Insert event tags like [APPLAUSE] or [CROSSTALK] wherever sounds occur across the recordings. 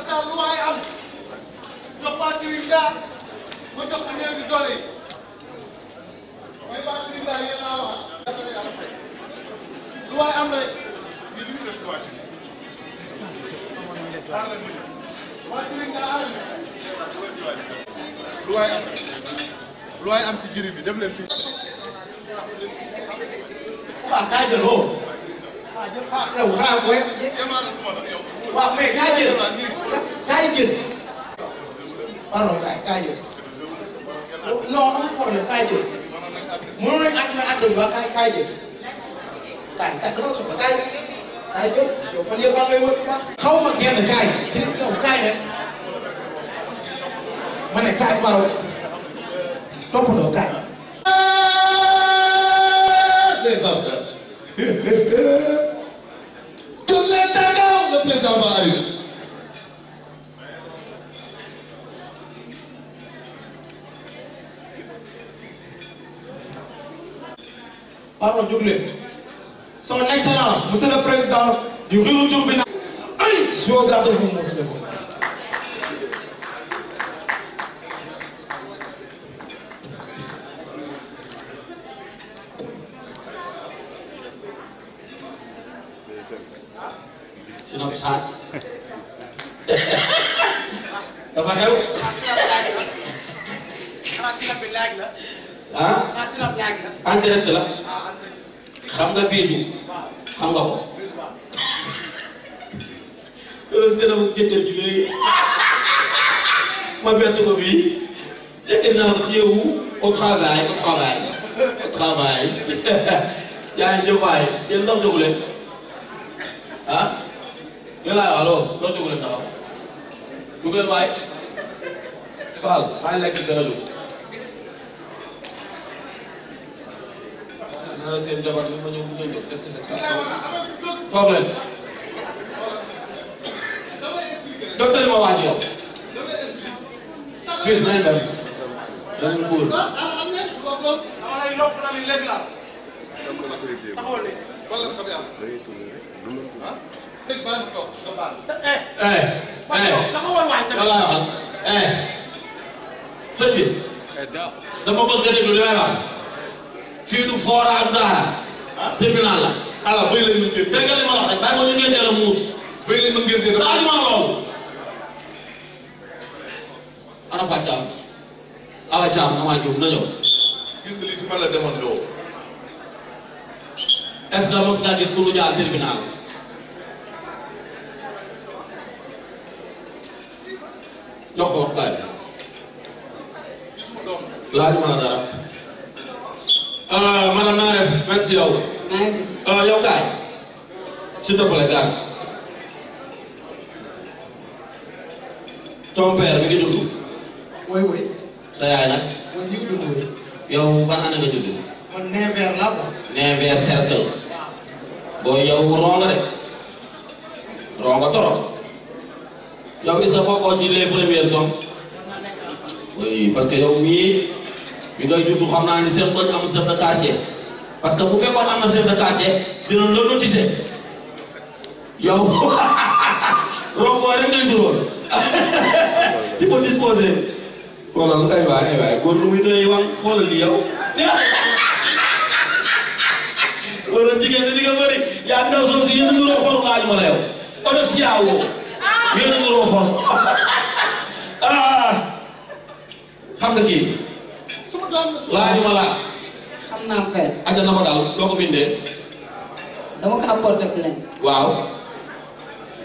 te taal lu waay am jox waa Tirinda ma jox ko néew di doole yi mais waa Tirinda yéen laa wax lu waay am rek ñu ngi def waa Tirinda. waa Tirinda àll lu waay am lu waay am si jëriñ bi def leen fii. waaw kaa jël woo. ah yow xanaa koy. waaw mais kaa jël. kaay jël pardon kaay kaay jël non amul problème kaay jël mënoon nañu ànd ak ànd bi waa kaay kaay jël kaay kaay dama soxla kaay kaay jël yow fan yéen fan lay wër baax. xaw ma kenn kaay yow kaay rek ma ne kaay baaw toppatoo kaay. les affaires. tourné tàggaw le président va arriver. pardon jóg leen son excellence monsieur le président du tribunal ay suis au garde à vous monsieur le président sinon sax [LAUGHS] dafa xew Ah? Ah, ah en direct la xam nga biisu xam nga ko loolu seen am jëkkër ma bett ko bii jëkkër naa ko ci yow au travail au travail au travail [LAUGHS] yaa ngi jëf waay yéen ndox jógu leen ah ñu laa wax loolu ndox jógu naa seen jabar bi ma ñëw bu ngeen jóg est-ce que c'est ça toog leen docteur ma wax yow bis nañ dem danañ kuul sëñ bi dama bëgg nga déglu li may wax fii du fooraa du daara. Ah? tribunal la. alors bëy la ñu ngénte. dégg li ma wax rek bàyyi ma ñu ngénte la muus. bëy la ñu ngénte la. daal ma loolu. ana fa caam awa caam sama juum si yow. ah yow kaay. s'il te plaît gàtt. ton sa yaay nag. woy ñu ngi dund woy. yow ban année nga judd. man de. ronga torop. yow is na bokkoo ci les premières hommes. oui parce que yow mi ngay judd xam naa ni seen koñ amul parce que bu fekkoon am na chef de quartier dina la notifié yow [LAUGHS] robo rek ngay [LAUGHS] di ko disposé xoolal ay waay ay waay góor lu muy doy li yow loolu [LAUGHS] di nga bëri yaa ndaw soo si yéen a la yow odo si yaa woo ah. yéen a nuroo xol ah xam nga kii. laajuma la. am naa fenn. aja na ko daal loo ko bindee. dama ko apporté plainte. waaw.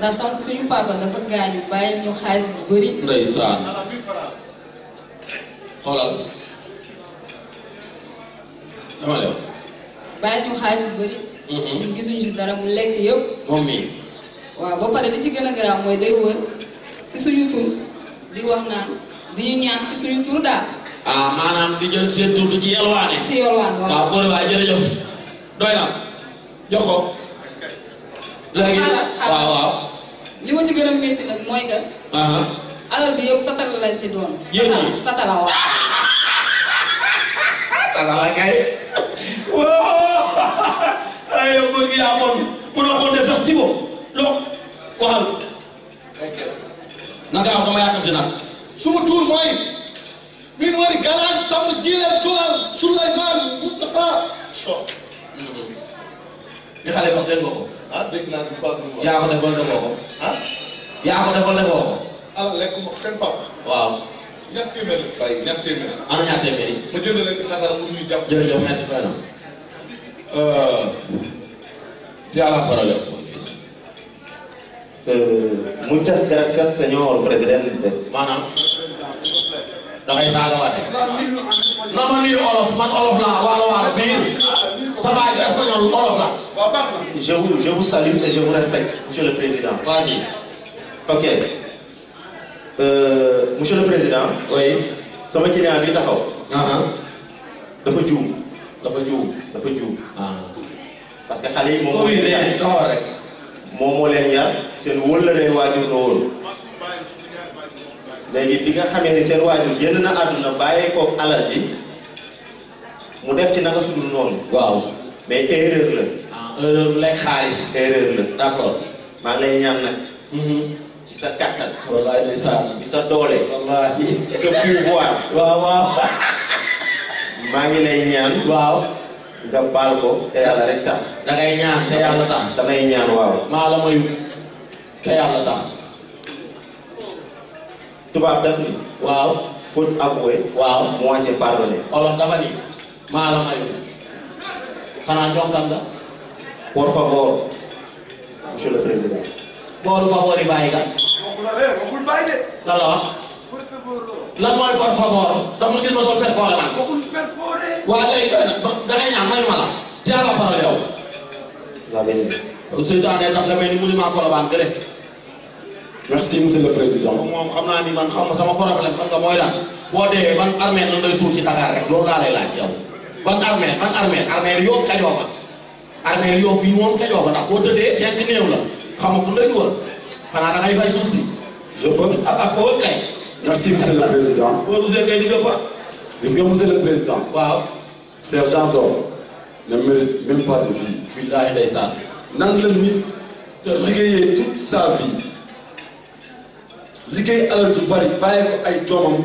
ndax sànq suñu papa dafa gaañu bàyyi ñu xaalis bu bëri. ndeysaan gisuñu si dara mu lekk yëpp. moom mii. waaw ba pare li ci gën a garaaw mooy day wër si suñu tur di wax naan di ñu ñaan si suñu tur daal. ah maanaam di jël seen tur ci yalwaane. si yalwaane waaw waaw góor waay jërëjëf doy na jox ko. waaw li ma ci gën a métti nag mooy bi yëpp satala lañ ci doon. yéen ñi satala waaw. [LAUGHS] satala kay. waaw. ay yow góor gi yaa moom munoo ko def sax si ko loo waxal. naka la wax dama yaakamti nag. suma tuur mooy. min woni garage samba jiilel cuwal souleyman moustapha so mi xale kon déggoo ko ah dégg naa ko papa yaa ko defoon defoo ko ah yaa ko defoon defoo ko ala lekk ma seen papa waaw ñaar téeméer bay ñaar téeméer ana ñaar téeméer yi ma jënd leen satara pour ñuy jàpp jërëjëf merci bay na tu as la parole muchas gracias señor presidente maanaam da ngay saagawaate. na ma nuyu olof man olof laa waalo waalo biir sa baay bi espagnol olof la. je vous je vous salue et je vous respecte monsieur le président. vas-y. ok euh, monsieur le président. oui. sama client bi taxaw. Uh-huh. dafa juum. dafa juum dafa juum. Ah. parce que xale yi moo leen yar moom moo leen yar seen wëllëree waajur la woon. léegi bi nga xamee ni seen waajur génn na àdduna bàyyi ko alal ji mu def ci naka sudul noonu. waaw mais erreur la. ah maa ngi lay ñaan mm-hmm. sa kattan. wallaahi waaw ngi lay ñaan. waaw. nga baal ko. te yàlla rek tax. da ñaan te yàlla tax. da ñaan waaw. maa la mayu. te yàlla tax. tubaab waaw faute avouée. waaw moitié pardonnée. maa la mayu xanaa jokkan nga. por favor monsieur le président. por favor yi bàyyi nga. waxul bàyyi de. lan la wax. lan mooy por favor. ndax mu gis ma sol perforé man. waxul perforé. waaw léegi da ngay ma la. te la merci monsieur le président. moom xam naa ni man xam nga sama problème xam nga mooy lan boo dee ban armée nan lay suul ci a rek loolu laa lay laaj yow ban armée ban armée armée Yoff Kajoor fa armée Yoff bii moom Kajoor fa ndax boo tëddee cinq la xam nga fu la ñu war xanaa da ngay fay suuf si. je peux. Ah, ah, ah, kay. merci monsieur le président. boo gisee kay di nga fa. gis nga monsieur le président. waaw. sergent Ndong. ne mérite même pas la nit. liggéeyee toute sa liggéey alal ju bari bàyyi ay doomam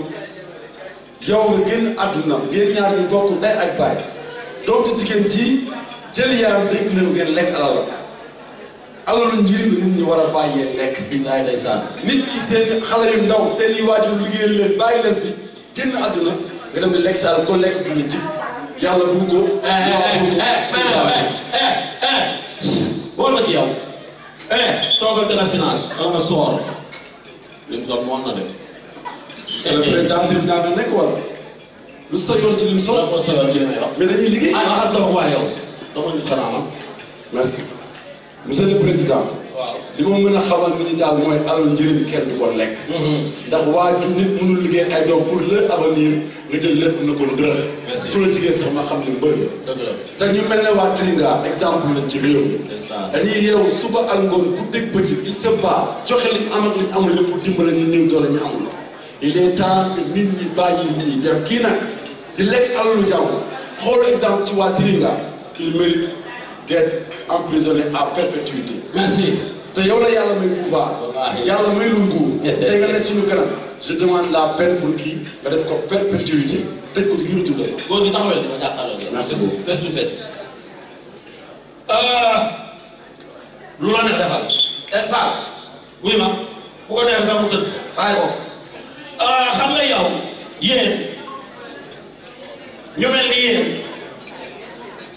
yow nga génn àdduna ngeen ñaar ñu bokk day ak bàyyi donc jigéen ji jël yaram dégg na ngeen lekk alal alalu njëriñ nit ñi war a bàyyee lekk billaay ndeysaan nit ki seen xale yu ndaw seen i waajur liggéeyal leen bàyyi leen fi génn àdduna nga dem di lekk saa ko lekk du nga jib yàlla bu ko wala nag yow toogal dana sinage wala nga soor lim sol moom na def. c'est le président tribunal nga nekk wala. lu sa yoon ci lim sol. lu sa yoon ci lim mais dañuy liggéey. ah waxal sama ñu xanaa man. merci a ni ñu daal mooy alal njëriñ kenn lekk. Mm-hmm. ndax waa ju nit mënul liggéey ay doom pour leur avenir. nga jël lépp na ko ndërëx. su la jigéen sax ma xam ne bëri na. dëgg la te ñu mel ne waa Tilinga exemple lañ ci réew mi. dañuy yeewu suba ak ngoon ku dégg bëccëg il se bat joxe li ñu am ak li ñu amul yëpp pour dimbale ñu néew doole ñu amul. il est temps que nit ñi bàyyi li ñuy def kii nag di lekk alalu jàmbur xool exemple ci waa Tilinga il mérite d'être emprisonné à perpétuité. merci te yow la yàlla may pouvoir. yàlla may lu nguur. [LAUGHS] tey nga ne suñu kanam. je demande la peine pour kii nga def ko perpétuité tëj ko ngir dund. góor gi taxawal dina jàkkaarloo ngeen. merci beaucoup face to face. lu la neex defal. et Fall. oui ma bu ko neex sax mu tëdd. bàyyi ko. Euh, xam nga yow yéen ñu mel ni yéen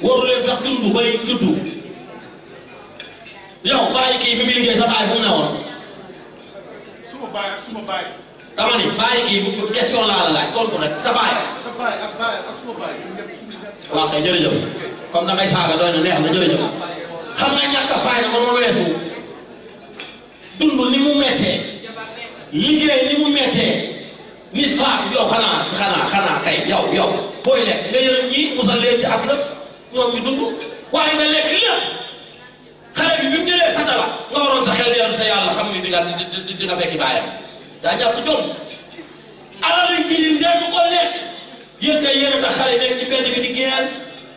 waru leen sax dund bay juddu yow bàyyi kii bi muy liggéey sax ay fu mu ne woon. su ma bàyyi su ma bàyyi. dama ni bàyyi kii bu question laa la laaj tontu rek sa bàyyi. sa bàyyi ak bàyyi ak suma bàyyi waaw kay jërëjëf comme dangay saaga doy na neex na jërëjëf xam nga ñàkk a fayda ba mu weesu dund ni mu méttee liggéey ni mu méttee nit faatu yow xanaa xanaa xanaa kay yow yow booy lekk nga yërëm ñi musal leen ci aslaf ñoom ñu dund waaye nga lekk lépp xale bi bi mu jëlee satala nga waroon sa xel di sa yàlla xam ni di nga di nga fekki baayam daa ñàkk jom alal yu jii ndee su ko lekk yéen kay yéen a tax xale ci mbedd bi di gees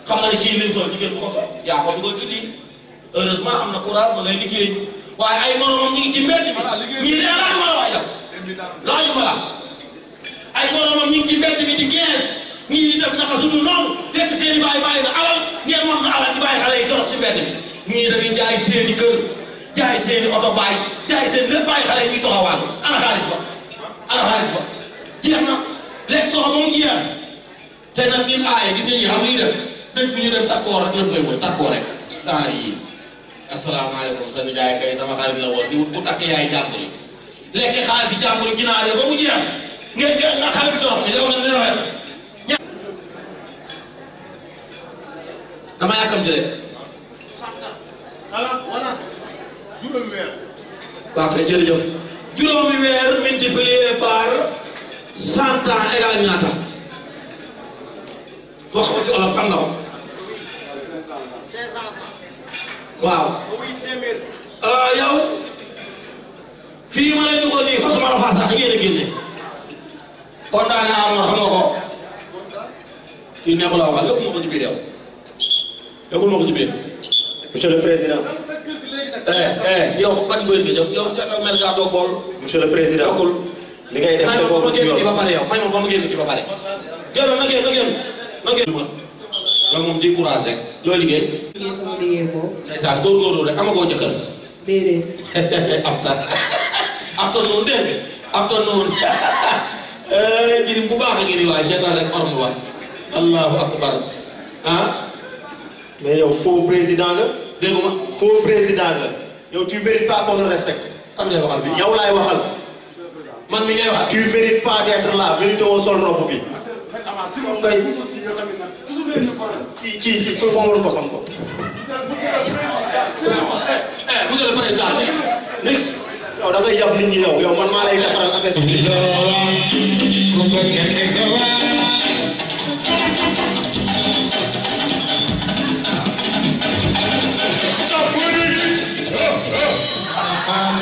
xam nga ne kii mille francs jigéen ko fa yaa ko dugal am na courage ma ngay liggéey waaye ay moromam ñu ngi ci mbedd bi ñii de laajuma la waaye yow laajuma la ay moromam ñu ngi ci mbedd bi di gees ñii di def naka suñu noonu fekk seen i baay na alal ngeen wax na alal ci bàyyi xale yi torox ci mbedd bi ñii dañuy jaay seen i kër jaay seeni oto bàyyi jaay seen lépp bàyyi xale yi ñuy toxawaan ana xaalis ba ana xaalis ba jeex na lekk toxa ba mu jeex te nag ñun aaye gis nga ñi xam li def dëj bu ñu dem d'accord rek lépp koy woon d'accord rek genre yi asalaamaaleykum sa nijaay kay sama xarit la woon di wut bu takk yaay jàmbur yi lekk xaalis yi jàmbur yi ginaar ba mu jeex nga nga xale bi torox ni yow nga ne rafet na dama yàkkamti rek juróomi weer. parce que jërëjëf juróomi weer multiplié par cent ans égal ñaata. wax ko ci olof xam nga euh, ma lay dugal nii fasuma la faa a génne. kontaan naa amoon xam nga ko. kii neexul a waxal lépp moo ko ci biir yow. lépp moo ko ci biir. monsieur le Eh, eh, yow ban mbir mi yow yow sa mel nga doo góol. monsieur le président bokkul. ngay def te boobu ci yow ba yow may ma ba ma génn ci ba pare. génn na génn na génn na génn. loolu moom di courage rek loo liggéey. liggéey sama liggéey boobu. ndeysaan góorgóorlu rek amagoo jëkkër. déedéet. am tan am tan noonu dégg nga am tan noonu [LAUGHS] eh, njëriñ bu baax a ngi nii waaye seetaan rek ormu waay. allahu akbar ah? mais yow faux président dégguma faux président nga yow tu mérites pas qu'on te respecte. am na waxal bi yow laay waxal. man mi ngay wax tu mérites pas d'être là mérite woo sol robe bi. kii kii kii soo ko amoon kosam ko. Eh, monsieur le président nix nix. yow da ngay yab nit ñi yow yow man maa lay defaral affaire bi.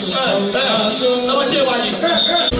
哎哎，那么这把你。